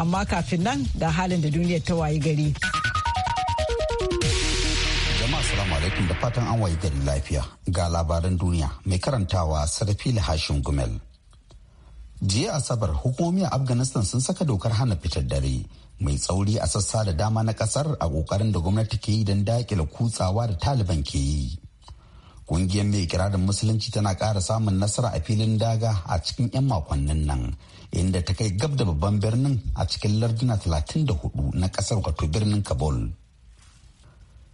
amma kafin nan ga halin da duniyar ta wayi gari. Jama'a salamu alaikum da fatan an wayi gari lafiya ga labaran duniya mai karantawa sarfi hashin gumel. Jiya Asabar hukumomi a Afghanistan sun saka dokar hana fitar dare mai tsauri a sassa da dama na kasar a kokarin da gwamnati ke yi don dakile kutsawa da Taliban ke yi. Kungiyar mai kirarin musulunci tana kara samun nasara a filin daga a cikin 'yan makonnin nan inda ta kai gab da babban birnin a cikin larduna 34 na kasar wato birnin Kabul.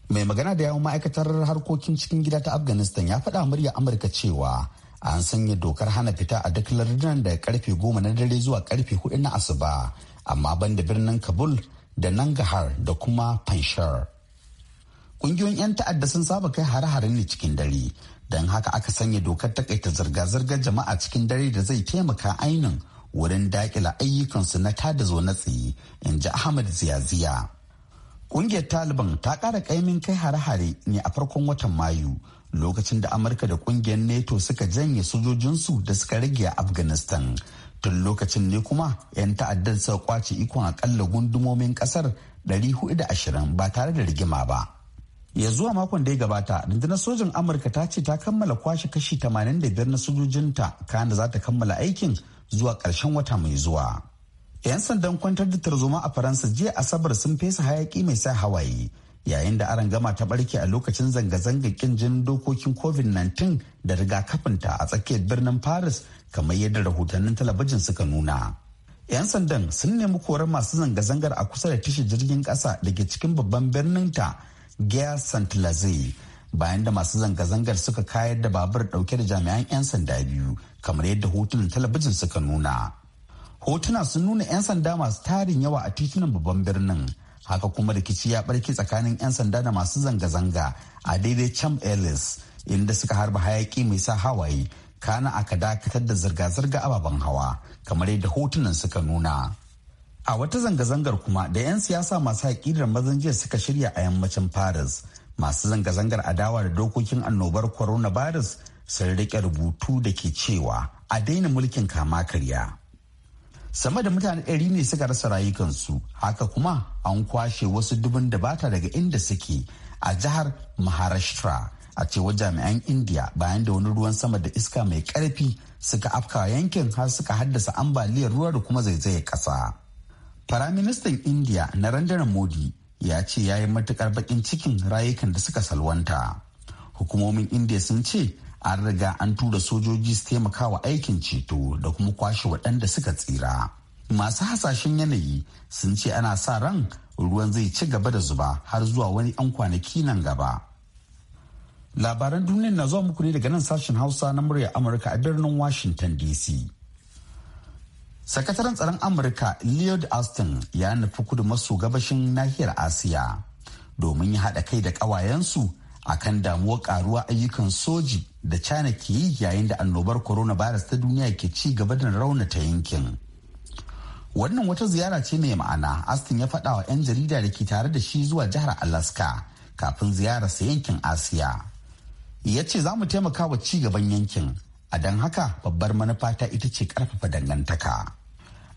Mai magana da yawon ma'aikatar harkokin cikin gida ta Afghanistan ya faɗa murya Amurka cewa an sanya dokar hana fita a duk lardunan daga karfe goma na dare zuwa karfe hudu na asuba amma banda birnin Kabul da Nangahar da kuma Panshar. Ƙungiyoyin 'yan ta'adda sun saba kai hare-hare ne cikin dare, don haka aka sanya dokar takaita zirga-zirgar jama'a cikin dare da zai taimaka ainin wurin daƙila ayyukansu na tada zo na tsaye, in ji Ahmad Ziyaziya. Ƙungiyar Taliban ta ƙara ƙaimin kai hare-hare ne a farkon watan Mayu, lokacin da amurka da kungiyar nato suka janye sojojinsu da suka rage a afghanistan tun lokacin ne kuma 'yan ta'addar suka kwace ikon akalla gundumomin kasar 420 ba tare da rigima ba ya zuwa makon da ya gabata rundunar sojin amurka ta ce ta kammala kwashe kashi 85 na sojojinta kayan da za ta kammala aikin zuwa karshen wata mai zuwa 'yan sandan kwantar da tarzoma a faransa jiya asabar sun fesa hayaki mai sa hawaye yayin da aron gama ta barke a lokacin zanga-zanga kin jinin dokokin covid-19 da rigakafinta a tsakiyar birnin paris kamar yadda rahotannin talabijin suka nuna 'yan sandan sun nemi korar masu zanga-zangar a kusa da tashi jirgin kasa da ke cikin babban birnin ta Gare St. Lazare bayan da masu zanga-zangar suka kayar da babur dauke da jami'an 'yan sanda biyu kamar yadda hotunan talabijin suka nuna. Hotuna sun nuna 'yan sanda masu tarin yawa a titunan babban birnin haka kuma rikici ya barke tsakanin 'yan sanda da masu zanga-zanga a daidai Cham Ellis inda suka harba hayaki mai sa hawaye kana aka dakatar da zirga-zirga ababen hawa kamar yadda hotunan suka nuna. A wata zanga-zangar kuma da 'yan siyasa masu haƙidar mazan jiya suka shirya a yammacin Paris. Masu zanga-zangar adawa da dokokin annobar coronavirus sun riƙe rubutu da ke cewa a daina mulkin kama karya. Sama da mutane ɗari ne suka rasa rayukansu, haka kuma an kwashe wasu dubun da bata daga inda suke a jihar Maharashtra a cewa jami'an India bayan da wani ruwan sama da iska mai ƙarfi suka afka yankin har suka haddasa ambaliyar ruwa da kuma zaizayar ƙasa. Firaministan India Narendra Modi ya ce ya yi matukar bakin cikin rayukan da suka salwanta. Hukumomin India sun ce an riga an tura sojoji su taimaka wa aikin ceto da kuma kwashe waɗanda suka tsira. Masu hasashen yanayi sun ce ana sa ran ruwan zai ci gaba da zuba har zuwa wani 'yan kwanaki nan gaba. Labaran duniya na zuwa muku ne daga nan sashen Hausa na murya Amurka a birnin Washington DC. sakataren tsaron amurka lloyd austin ya nufi kudu maso gabashin nahiyar asiya domin ya haɗa kai da ƙawayensu a kan damuwar ƙaruwa ayyukan soji da china ke yi yayin da annobar Corona coronavirus ta duniya ke ci gaba da raunata yankin wannan wata ziyara ce mai ma'ana austin ya faɗa wa 'yan jarida da ke tare da shi zuwa jihar alaska kafin ziyararsa yankin asiya ya ce za mu taimaka wa ci gaban yankin a don haka babbar manufa ta ita ce karfafa dangantaka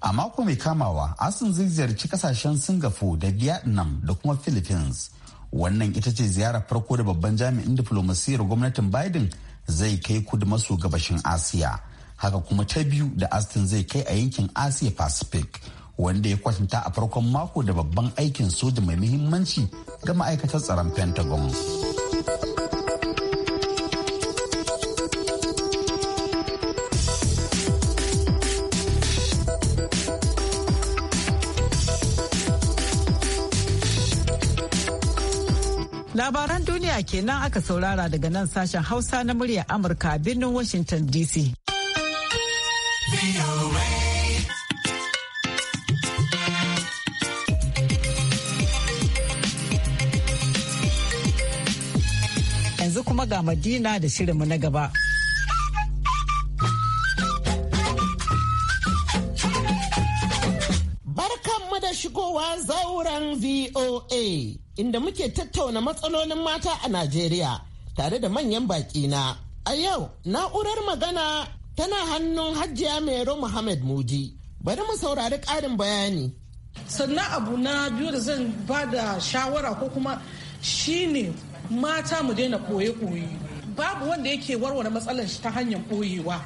a mako mai kamawa asin zai ziyarci kasashen singapore da vietnam da kuma philippines wannan ita ce ziyarar farko da babban jami'in diflomasiyyar gwamnatin biden zai kai kudu maso gabashin asiya haka kuma ta biyu da astin zai kai a yankin asiya pacific wanda ya kwatanta a farkon mako da babban aikin soja mai muhimmanci ga ma'aikatar tsaron pentagon. Labaran duniya kenan aka saurara daga nan sashen Hausa na muryar Amurka a birnin Washington DC. Yanzu kuma ga Madina da shirinmu na gaba. Barkanmu da shigowa zauren VOA. inda muke tattauna matsalolin mata a Najeriya tare da manyan baƙi na. A yau, na'urar magana tana hannun Hajiya Mero Muhammad Muji. Bari mu saurari ƙarin bayani. Sannan abu na biyu da zan ba da shawara ko kuma shine mata mu daina koye-koye. Babu wanda yake warware matsalar shi ta hanyar koyewa.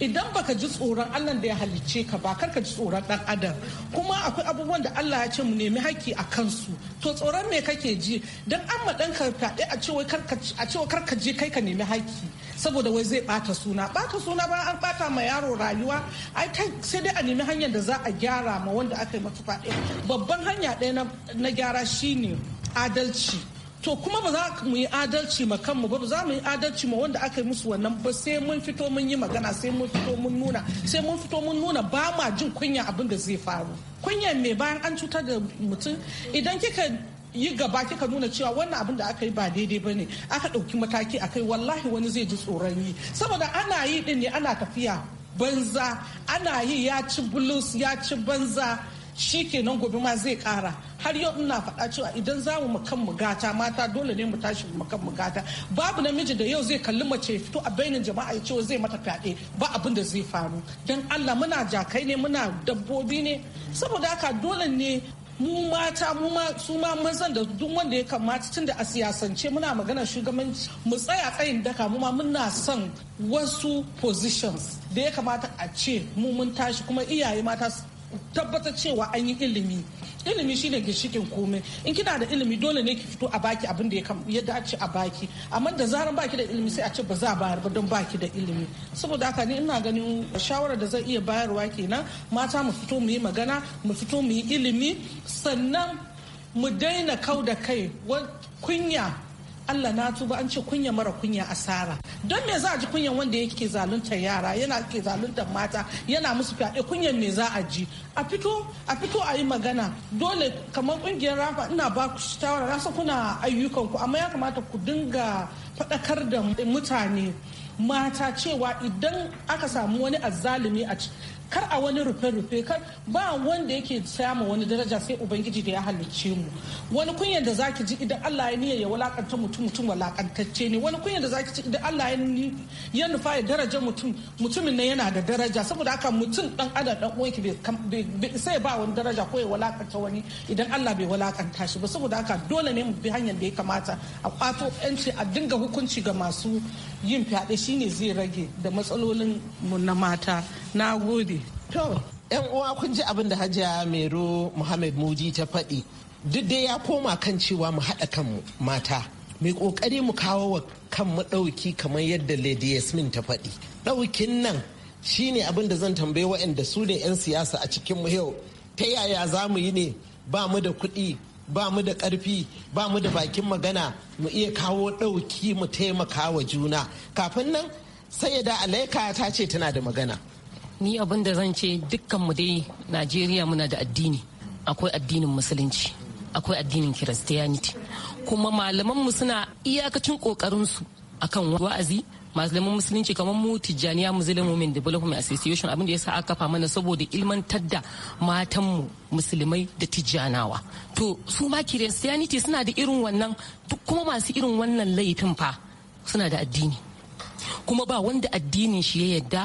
idan baka ji tsoron Allah da ya halicce ka ba karka ji tsoron dan adam kuma akwai abubuwan da Allah ya ce mu nemi haƙƙi a kansu to tsoron me kake ji dan an ma dan ka fade a cewa karka a je kai ka nemi haƙƙi saboda wai zai bata suna bata suna ba an bata ma yaro rayuwa ai sai dai a nemi hanyar da za a gyara ma wanda aka yi mata fade babban hanya ɗaya na gyara shine adalci to kuma ba za mu yi adalci ma kanmu ba ba za mu yi adalci ma wanda aka yi musu wannan ba sai mun fito mun yi magana sai mun fito mun nuna sai mun fito mun nuna ba ma jin kunya abin da zai faru kunyan mai bayan an cutar da mutum idan kika yi gaba kika nuna cewa wannan abin da aka yi ba daidai ba ne aka ɗauki mataki akai wallahi wani zai ji tsoron yi saboda ana yi din ne ana tafiya banza ana yi ya ci bulus ya ci banza shi kenan gobe ma zai kara har yau ina faɗa cewa idan za mu kan mu gata mata dole ne mu tashi mu kan mu gata babu namiji da yau zai kalli mace fito a bainin jama'a ya cewa zai mata fyaɗe ba abin da zai faru don Allah muna jakai ne muna dabbobi ne saboda haka dole ne mu mata mu ma su ma mazan da duk wanda ya kamata tunda a siyasance muna magana shugabanci mu tsaya tsayin daka mu ma muna son wasu positions da ya kamata a ce mu mun tashi kuma iyaye mata tabbatar cewa an yi ilimi ilimi shine ginshikin komai in kina da ilimi dole ne ki fito a baki abin da ya dace a baki amma da zaran baki da ilimi sai a ce ba za a bayar ba don baki da ilimi saboda haka ni ina ganin shawarar da zan iya bayarwa kenan mata mu fito mu yi magana mu fito mu yi ilimi sannan mu daina kau da kai kunya Allah na tuba an ce kunya mara kunya asara don me za a ji kunyan wanda yake zaluntar yara yana ke zaluntar mata yana musu fyaɗe kunyan me za a ji a fito a fito a yi magana dole kamar kungiyar rafa ina ba ku shawara na kuna ayyukan ku amma ya kamata ku dinga faɗakar da mutane mata cewa idan aka samu wani azzalumi a kar a wani rufe-rufe kar ba wanda yake samu wani daraja sai ubangiji da ya halicce mu wani kunyan da zaki ji idan Allah ya niyya ya walakanta mutum mutum walakantacce ne wani kunyan da zaki ji idan Allah ya nufa ya daraja mutum mutumin ne yana da daraja saboda haka mutum dan adam dan uwanki bai sai ba wani daraja ko ya walakanta wani idan Allah bai walakanta shi ba saboda haka dole ne mu bi hanyar da ya kamata a kwato yanci a dinga hukunci ga masu yin fyaɗe shine zai rage da matsalolin mu na mata na gode to yan uwa kun ji abin da hajiya mero muhammad muji ta faɗi duk dai ya koma kan cewa mu haɗa kanmu mata mai kokari mu kawo wa kanmu ɗauki kamar yadda lady yasmin ta faɗi ɗaukin nan shine abin da zan tambayi waɗanda su ne 'yan siyasa a cikin mu yau ta yaya za mu yi ne ba mu da kuɗi ba mu da ƙarfi ba mu da bakin magana mu iya kawo ɗauki mu taimaka wa juna kafin nan sayyada alaika ta ce tana da magana ni abin da zan ce dukkan mu dai najeriya muna da addini akwai addinin musulunci akwai addinin kiristiyaniti kuma malaman mu suna iyakacin su akan wa'azi malaman musulunci kamar mu tijjaniya muslim women development association abinda ya sa aka kafa mana saboda ilmantar da matanmu musulmai da tijjanawa to su ma christianity suna da irin wannan kuma masu irin wannan laifin fa suna da addini kuma ba wanda addinin shi ya yadda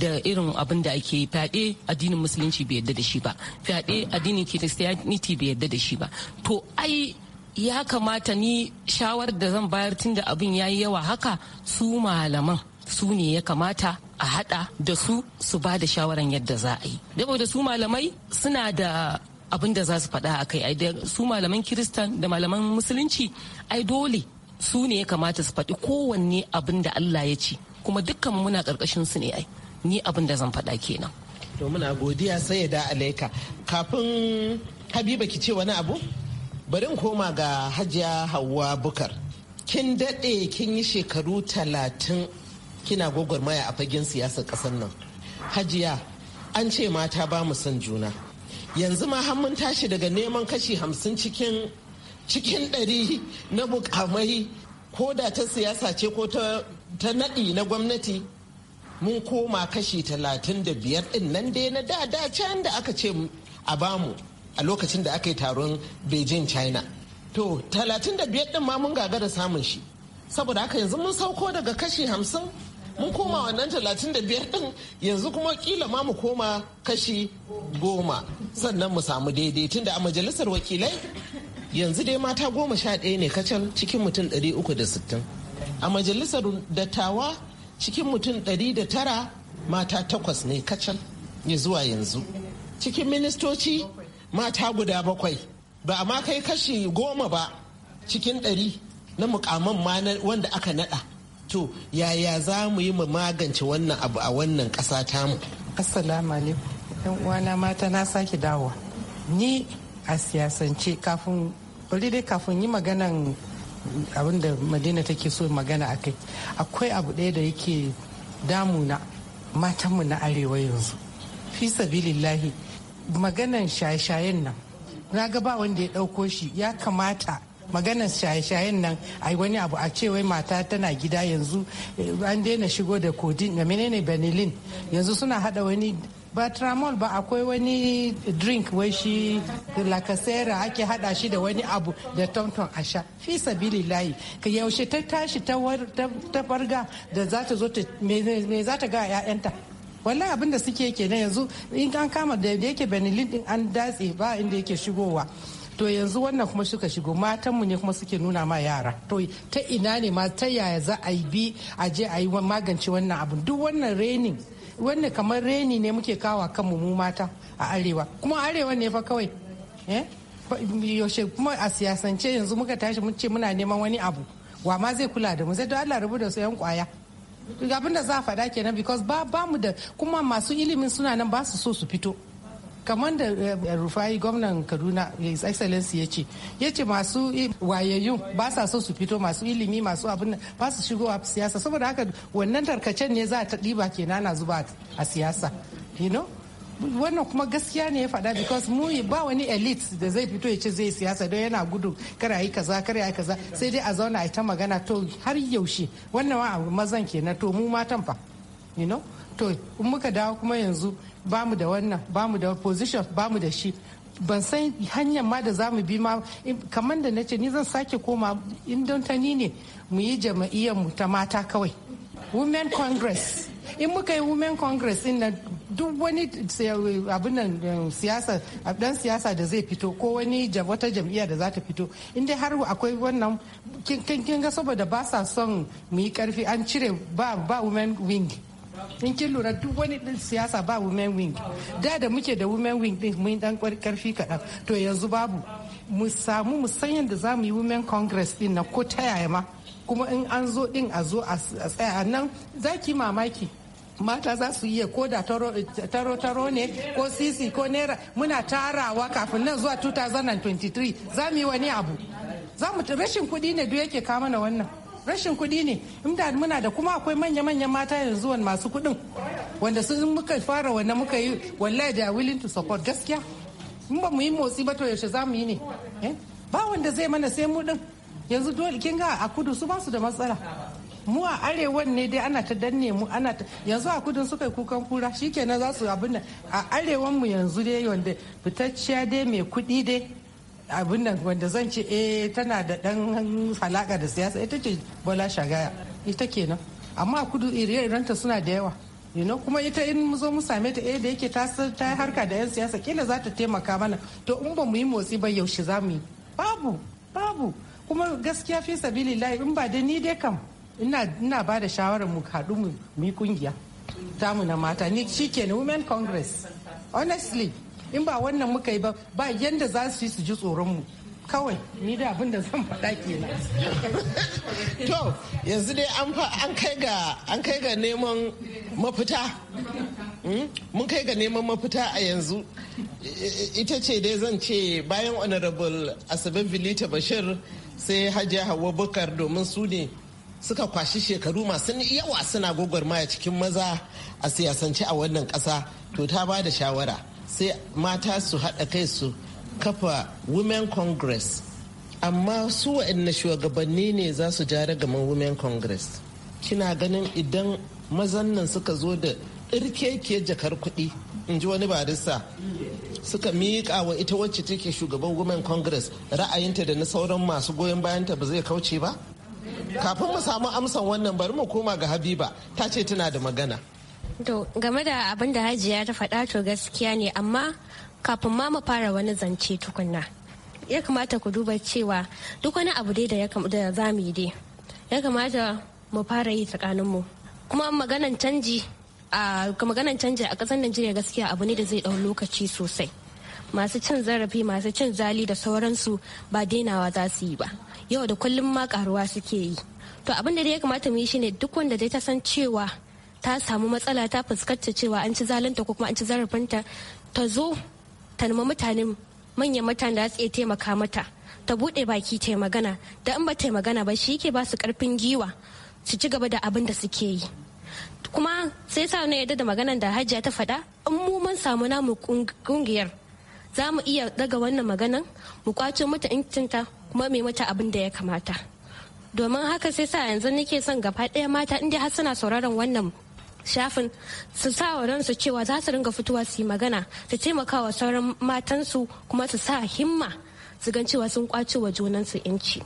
da irin abin da ake fyaɗe addinin musulunci bai yadda da shi ba fyaɗe addinin christianity bai yadda da shi ba to ai ya kamata ni shawar da zan bayar tun da abin ya yi yawa haka su malaman su ne ya kamata a hada da su su ba da shawaran yadda za a yi saboda su malamai suna da abin da za su faɗa a kai su malaman kiristan da malaman musulunci ai dole su ne ya kamata su faɗi kowanne abin da allah ya ce kuma dukkan muna ƙarƙashin su ne ai ni abin da zan faɗa kenan to muna godiya sai da alaika kafin habiba ki ce wani abu bari in koma ga hajiya hawa bukar kin daɗe kin yi shekaru talatin kina gwagwarmaya a fagen siyasar ƙasar nan hajiya an ce mata ba mu son juna yanzu ma har tashi daga neman kashi hamsin cikin cikin ɗari na bukamai ko da ta siyasa ce ko ta naɗi na gwamnati mun koma kashi talatin da biyar ɗin nan dai na da da can da aka ce a bamu a lokacin da aka yi taron beijing china to 35 din ma mun gagara samun shi saboda haka yanzu mun sauko daga kashi 50 mun koma wannan 35 din yanzu kuma kila ma mu koma kashi 10 sannan mu samu daidai da a majalisar wakilai yanzu dai mata goma sha ɗaya ne kacal cikin mutum 360 a majalisar dattawa cikin mutum 109 mata takwas ne kacal ne zuwa yanzu cikin ministoci mata guda bakwai ba a ma kai kashi goma ba cikin ɗari na mukaman ma wanda aka naɗa to yaya za mu yi mu magance wannan abu a wannan ƙasa mu assalamu alaikum yan uwana mata na sake dawo ni a siyasance kafin bari dai kafin yi maganan abin da madina take so magana a kai akwai abu ɗaya da yake damuna matanmu na arewa yanzu fi sabilillahi maganan shaye-shayen nan na ga ba wanda ya ɗauko shi ya kamata maganan shaye-shayen nan a wani abu a ce wai mata tana gida yanzu eh, an daina shigo da kodin da menene benilin yanzu suna hada wani ba tramol ba akwai wani drink wai shi lakasera ake hada shi da wani abu da tonton a sha fi sabili layi ka yaushe ta tashi ta farga da za ta zo me za ta ga 'ya'yanta wallahi abin da suke kenan yanzu in an kama da yake benin din an datse ba inda yake shigowa to yanzu wannan kuma suka shigo matanmu ne kuma suke nuna ma yara to ta ina ne ma ta yaya za a yi bi a je a yi magance wannan abin duk wannan renin wannan kamar reni ne muke kawa kanmu mu mata a arewa kuma arewa ne fa kawai eh? yaushe kuma a siyasance yanzu muka tashi mun ce muna neman wani abu wa ma zai kula da mu sai da Allah rabu da su yan kwaya abin da za a faɗa kenan because ba ba mu da kuma masu ilimin suna nan ba su so su fito kamar da eh, rufai gwamnan kaduna his excellence ya ce ya ce masu wayayyun ba sa so su fito masu ilimi masu abin ba su shigo a siyasa saboda haka wannan tarkacen ne za a ta ɗiba kenan na zuba a siyasa you know wannan kuma gaskiya ne ya faɗa because mu ba wani elite da zai fito ya ce zai siyasa don yana gudu kar a yi kaza kar a yi kaza sai dai a zauna a ta magana to har yaushe wannan abu mazan kenan to mu matan fa you know to in muka dawo kuma yanzu bamu da wannan bamu da position bamu da shi ban san hanyar ma da zamu bi ma kamar da na ce ni zan sake koma in don ta ni ne mu yi jama'iyyar mu ta mata kawai women congress in muka yi women congress in nan duk wani abinan eh, siyasa dan siyasa da zai fito ko wani wata jam'iyya da za ta fito inda har akwai wannan kin ga saboda ba sa son mu yi karfi an cire ba women wing in kin lura duk wani din siyasa ba women wing da da muke da women wing din mun dan karfi kaɗan to yanzu babu mu samu mu san yadda za mu yi women congress din na ko ta yaya ma kuma in an zo din a zo a tsaya nan zaki ki mamaki mata za su iya ko da taro taro ne ko sisi ko naira muna tarawa kafin nan zuwa 2023 za mu yi wani abu za mu rashin kuɗi ne duk yake kama na wannan rashin kuɗi ne inda muna da kuma akwai manya-manyan mata yanzu masu kuɗin wanda su muka fara wanda muka yi wallahi da willing to support gaskiya in ba mu yi motsi ba to yaushe za mu yi ne eh? ba wanda zai mana sai mu din yanzu dole kin ga a kudu su ba su da matsala mu a arewan ne dai ana ta danne mu ana ta yanzu a kudin suka yi kukan kura shikenan za su abin nan a arewan mu yanzu dai wanda fitacciya dai mai kudi dai abin nan wanda zan ce eh tana da dan halaka da siyasa ita ce Bola Shagaya ita kenan amma a kudu ire ta suna da yawa you know, kuma ita in mu zo mu same ta eh da yake ta ta harka da yan siyasa kila za ta taimaka mana to in ba mu yi motsi ba yaushe za mu yi babu babu kuma gaskiya fi lai in ba da ni dai kam ina ba da shawarar mu haɗu mu yi kungiya mu na mata ni shi shikenan women congress honestly in ba wannan muka yi ba ba yanda za su yi su ji tsoron mu kawai ni da abin da zan faɗa kenan to yanzu dai an kai ga an kai ga neman mafita hmm? mun kai ga neman mafita a yanzu ita ce dai zan ce bayan honorable asabe Bilita bashir sai hajiya hawa bukar domin su ne suka kwashi shekaru masu yawa suna maya cikin maza a siyasance a wannan kasa to ta ba da shawara sai mata su haɗa kai su kafa women congress amma su waɗanne shugabanni ne za su ja ragaman women congress kina ganin idan mazan nan suka zo da ke jakar kuɗi in ji wani barista suka miƙa wa ita wacce take shugaban women congress ra'ayinta da na sauran masu goyon bayanta ba zai kauce ba kafin mu samu amsan wannan bari mu koma ga habiba ta ce tana da magana to game da abin da hajiya ta faɗa to gaskiya ne amma kafin ma mu fara wani zance tukunna ya kamata ku duba cewa duk wani abu dai da za mu yi dai ya kamata mu fara yi tsakanin mu kuma maganan canji a maganan canji a ƙasar najeriya gaskiya abu ne da zai ɗau lokaci sosai masu cin zarafi masu cin zali da sauransu ba dainawa za su yi ba yau da kullum ma karuwa suke yi to abin da ya kamata mu yi shine duk wanda dai ta san cewa ta samu matsala ta fuskanta cewa an ci zalunta ko kuma an ci zarafinta ta zo ta nemi mutane manyan mutane da su iya taimaka mata ta bude baki ta magana da in ba ta magana ba shi ke ba su karfin giwa su ci gaba da abin da suke yi kuma sai sa na yadda da maganan da hajiya ta faɗa in mu mun samu namu kungiyar za mu iya daga wannan maganan mu kwace mata incinta kuma mai mata abin da ya kamata domin haka sai sa yanzu nake son gaba ɗaya mata inda har suna sauraron wannan shafin su sa wa ransu cewa za su ringa fitowa su yi magana su taimakawa sauran matansu kuma su sa himma su gan cewa sun kwace wa junansu yanci.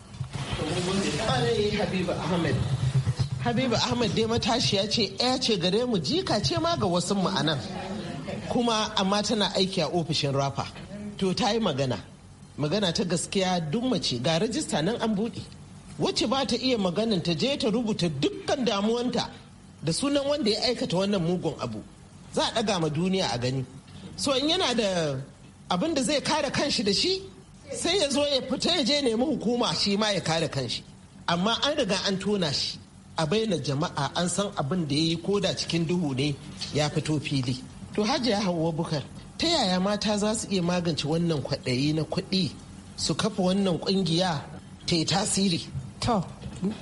Habiba Ahmed dai matashiya ce ya ce gare mu jika ce ma ga wasu mu anan kuma amma tana aiki a ofishin rafa to ta yi magana magana ta gaskiya duk mace ga rajista nan an buɗe wacce ba ta iya maganin ta je ta rubuta dukkan damuwanta da sunan wanda ya aikata wannan mugun abu za a ɗaga ma duniya a gani so in yana da abin da zai kare kanshi da shi sai ya zo ya fita ya je nemi hukuma shi ma ya kare kanshi amma an riga an tona shi a bayyana jama'a an san abin da ya yi da cikin duhu ne ya fito fili to hajiya hawa bukar ta yaya mata za su iya magance wannan kwaɗayi na kuɗi su kafa wannan ƙungiya ta yi tasiri to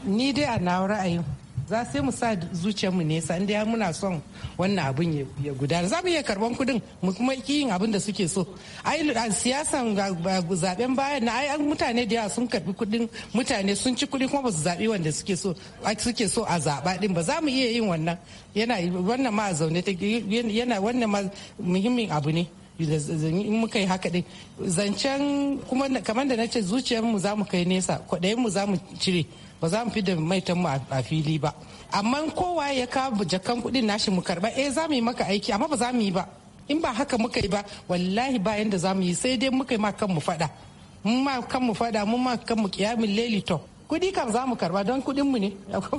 ni dai a na ra'ayin za sai mu sa zuciyarmu mu nesa inda ya muna son wannan abin ya gudana za mu iya karban kudin mu kuma yin abin da suke so ai siyasan zaben bayan na ai mutane da yawa sun karbi kudin mutane sun ci kudi kuma ba su zabi wanda suke so suke so a zaba din ba za mu iya yin wannan yana wannan ma zaune yana wannan ma muhimmin abu ne in muka yi haka din zancen kuma kamar da na ce zuciyarmu za mu kai nesa kwaɗayinmu za mu cire ba za mu fi da maitan mu a fili ba amma kowa ya kawo jakan kudin nashi mu karba eh za mu yi maka aiki amma ba za mu yi ba in ba haka muka yi ba wallahi ba yanda za mu yi sai dai muka yi ma kan mu faɗa mun ma kan mu faɗa mun ma kan mu kiyamin laili to kudi kam za mu karba don kudin mu ne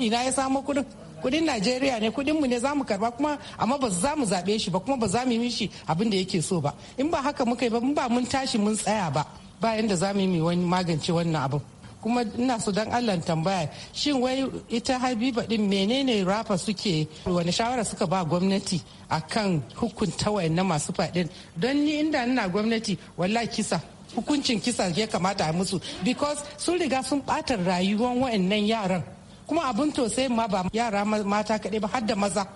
ina ya samo kudin kudin najeriya ne kudin mu ne za mu karba kuma amma ba za mu zaɓe shi ba kuma ba za mu yi shi abin da yake so ba in ba haka muka yi ba mun ba mun tashi mun tsaya ba bayan da za mu yi wani magance wannan abin kuma ina so don allah tambaya shin wai ita habiba din menene rafa suke wani shawara suka ba gwamnati akan hukunta na masu faɗin don ni inda ina gwamnati wallahi kisa hukuncin kisa ya kamata a musu because sun riga sun ɓata rayuwar wayannan yaran kuma abin tosai ma ba yara mata kaɗai ba har da maza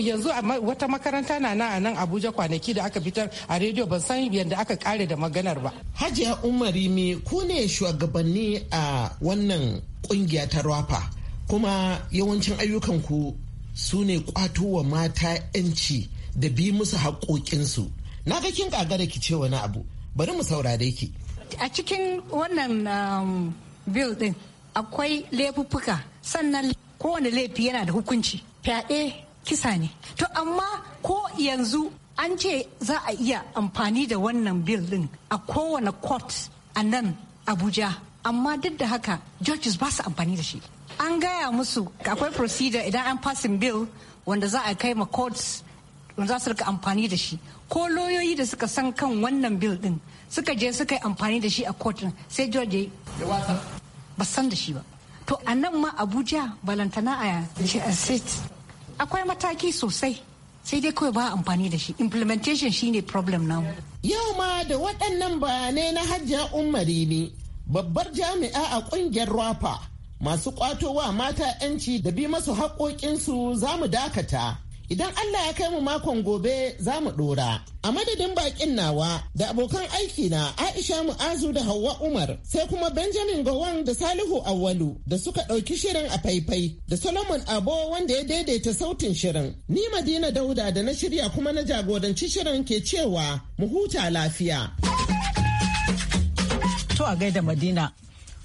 yanzu wata makaranta na nan a nan abuja kwanaki da aka fitar a rediyo ban san yadda aka kare da maganar ba hajiya umari me ku ne shugabanni a wannan kungiya ta rafa kuma yawancin ayyukanku su ne kwato wa mata 'yanci da bi musu haƙoƙinsu na ga kin da ki ce wani abu bari mu saurare ki a cikin wannan um, bill din akwai laifuffuka sannan kowane laifi yana da hukunci fyaɗe kisa ne to amma ko yanzu an ce za a iya amfani da wannan bil din a kowane court a nan abuja amma duk da haka judges ba su amfani da shi an gaya musu akwai procedure idan an passing bill wanda za a kai ma courts wanda za su rika amfani da shi ko loyoyi da suka san kan wannan bill din suka je suka yi amfani da shi a court sai george ba san da shi ba to a nan ma abuja balantana a state akwai mataki sosai sai dai kawai ba amfani da shi implementation shine problem namu yau ma da waɗannan bayanai na hajja umari ne babbar jami'a a ƙungiyar rafa masu ƙwatowa mata 'yanci da bi masu haƙoƙinsu za mu dakata Idan Allah ya kai mu makon gobe za mu ɗora. A madadin bakin nawa da abokan aiki na Aisha Mu'azu da Hauwa Umar sai kuma Benjamin Gowon da Salihu Awalu da suka ɗauki shirin a faifai da Solomon Abo wanda ya daidaita sautin shirin. Ni Madina Dauda da na shirya kuma na jagoranci shirin ke cewa mu huta lafiya. To a gaida Madina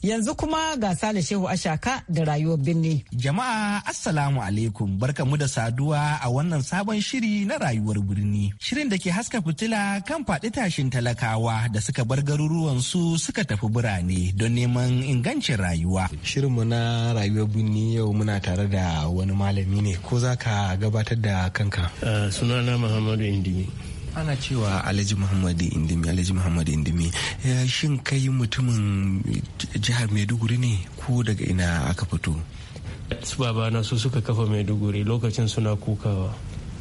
Yanzu kuma ga Sale Shehu Ashaka da rayuwar birni. Jama'a Assalamu alaikum barkamu da saduwa a wannan sabon shiri na rayuwar birni. Shirin da ke haska fitila kan faɗi tashin talakawa da suka bar garuruwan su suka tafi birane don neman ingancin rayuwa. Shirinmu na rayuwar birni yau muna tare da wani malami ne ko za ka gabatar da kanka? Uh, sunana Muhammadu Indimi. ana cewa alhaji muhammadu indimi alhaji muhammadu indimi eh, shin kai mutumin jihar maiduguri ne ko daga ina aka fito su babana su suka kafa maiduguri lokacin suna kukawa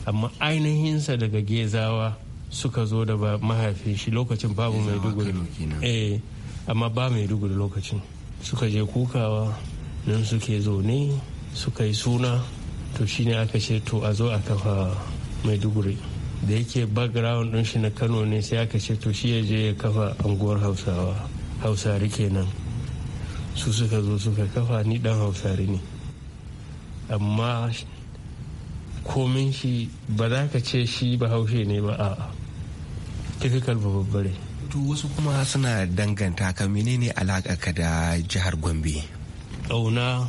amma ainihinsa daga gezawa suka zo da mahaifin shi lokacin babu maiduguri eh amma ba maiduguri lokacin suka je kukawa nan suke zaune suka yi suna to shine aka ce to a zo a kafa maiduguri da yake background din shi na kano ne sai aka ce to shi ya je ya kafa anguwar hausawa hausari kenan su suka zo suka kafa ni dan hausari ne amma komin shi ba za ka ce shi bahaushe ne ba a typical babbare to wasu kuma suna danganta ka menene ka da jihar gombe ƙauna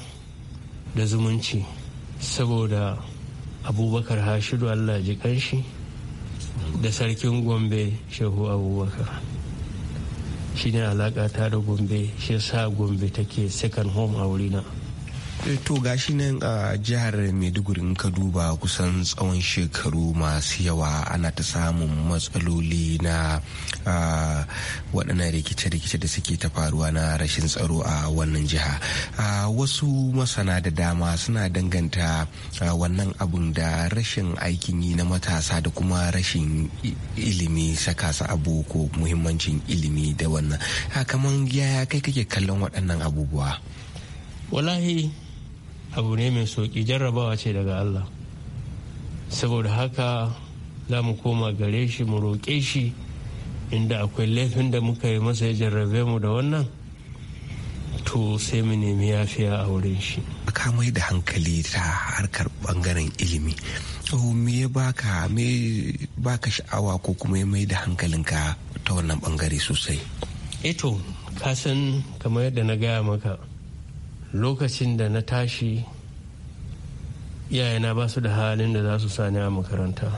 da zumunci saboda abubakar hashidu allah ji kanshi da sarkin gombe shehu abubakar shi ne alaƙa ta da gombe shi sa gombe take second home a wurina Eh, to gashi nan a jihar maiduguri ka duba kusan tsawon shekaru masu yawa ana ta samun matsaloli na waɗannan rikice-rikice da suke ta faruwa na rashin tsaro a wannan jiha wasu masana da dama suna danganta wannan abun da rashin aikin yi na matasa da kuma rashin ilimi saka su abu ko muhimmancin ilimi da wannan kaman yaya kai kake kallon waɗannan abubuwa wallahi abu ne mai soki jarrabawa ce daga allah saboda haka za mu koma gare shi mu roƙe shi inda akwai laifin da muka yi masa ya jarrabe mu da wannan to sai mu nemi yafiya a wurin shi ka mai da hankali ta harkar bangaren ilimi me ya baka me baka sha'awa ko kuma ya mai da hankalin hankalinka ta wannan bangare sosai eto eh kasan kamar yadda na gaya maka lokacin da na tashi iyayena ba su da halin da za su sani a makaranta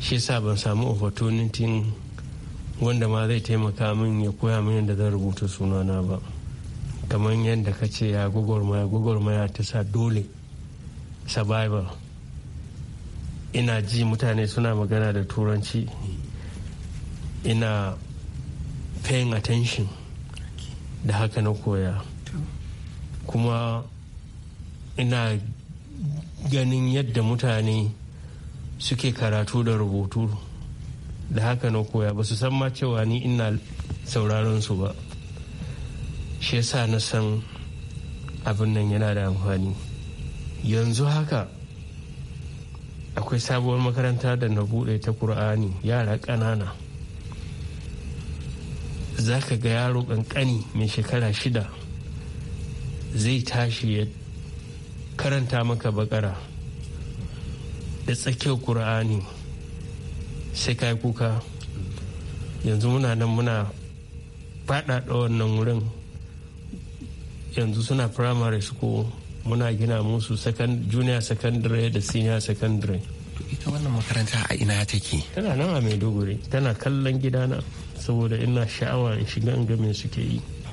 shi sa ban samu opportunity wanda ma zai taimaka min ya koya min yadda zan rubuta sunana ba kamar yadda ka ce ya gwagwarmaya gwagwarmaya ta sa dole survival ina ji mutane suna magana da turanci ina paying attention da haka na koya kuma ina ganin yadda mutane suke karatu da rubutu da haka na koya ba su san ma cewa ni ina sauraron su ba shi yasa na san abin nan yana da amfani yanzu haka akwai sabuwar makaranta da na bude ta kur'ani yara ƙanana za ka ga yaro ƙanƙani mai shekara shida zai tashi ya karanta maka bakara da tsakiyar kur'ani sai ka yi kuka yanzu muna nan muna faɗaɗa wannan wurin yanzu suna primary school muna gina musu junior secondary da senior secondary ita wannan makaranta a ina take tana nan a maiduguri tana kallon gidana saboda ina sha'awa in shiga in ga me suke yi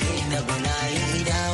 daɗe na gwanaye idawa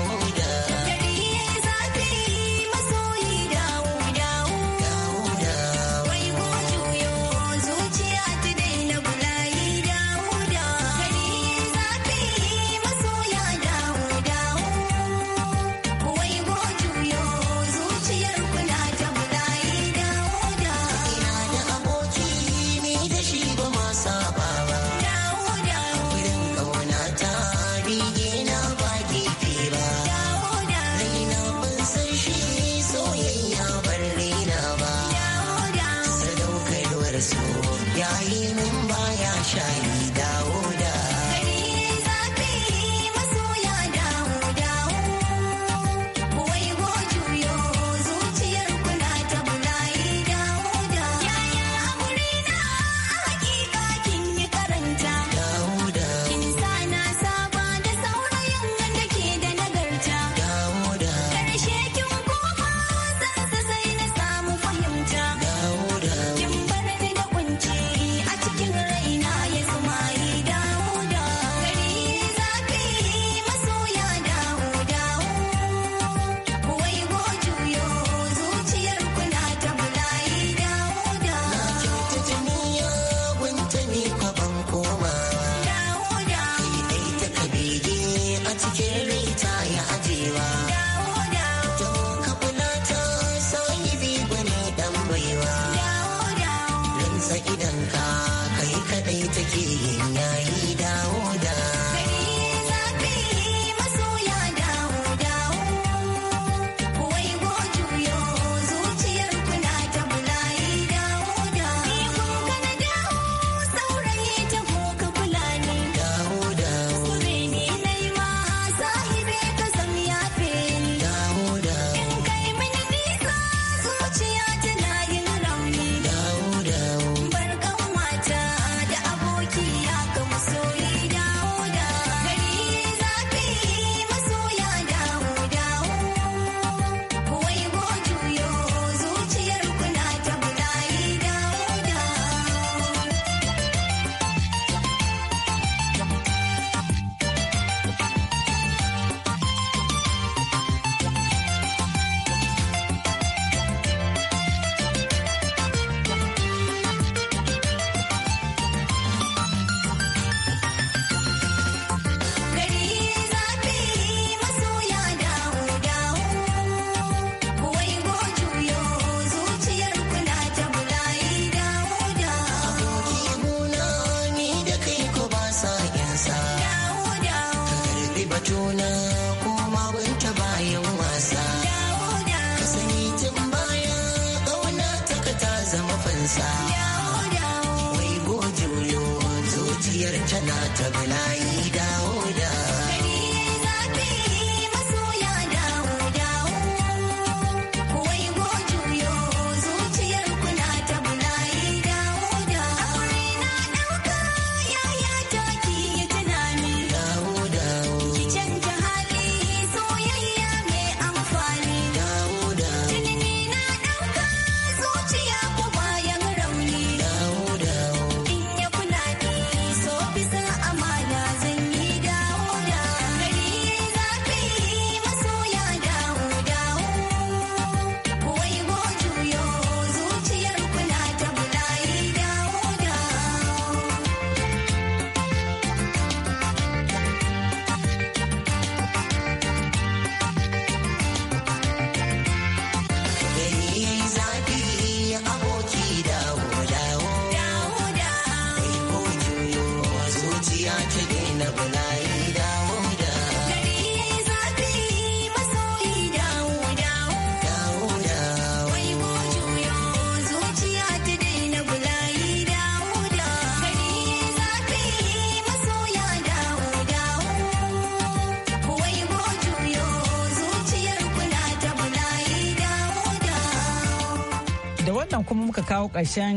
我想。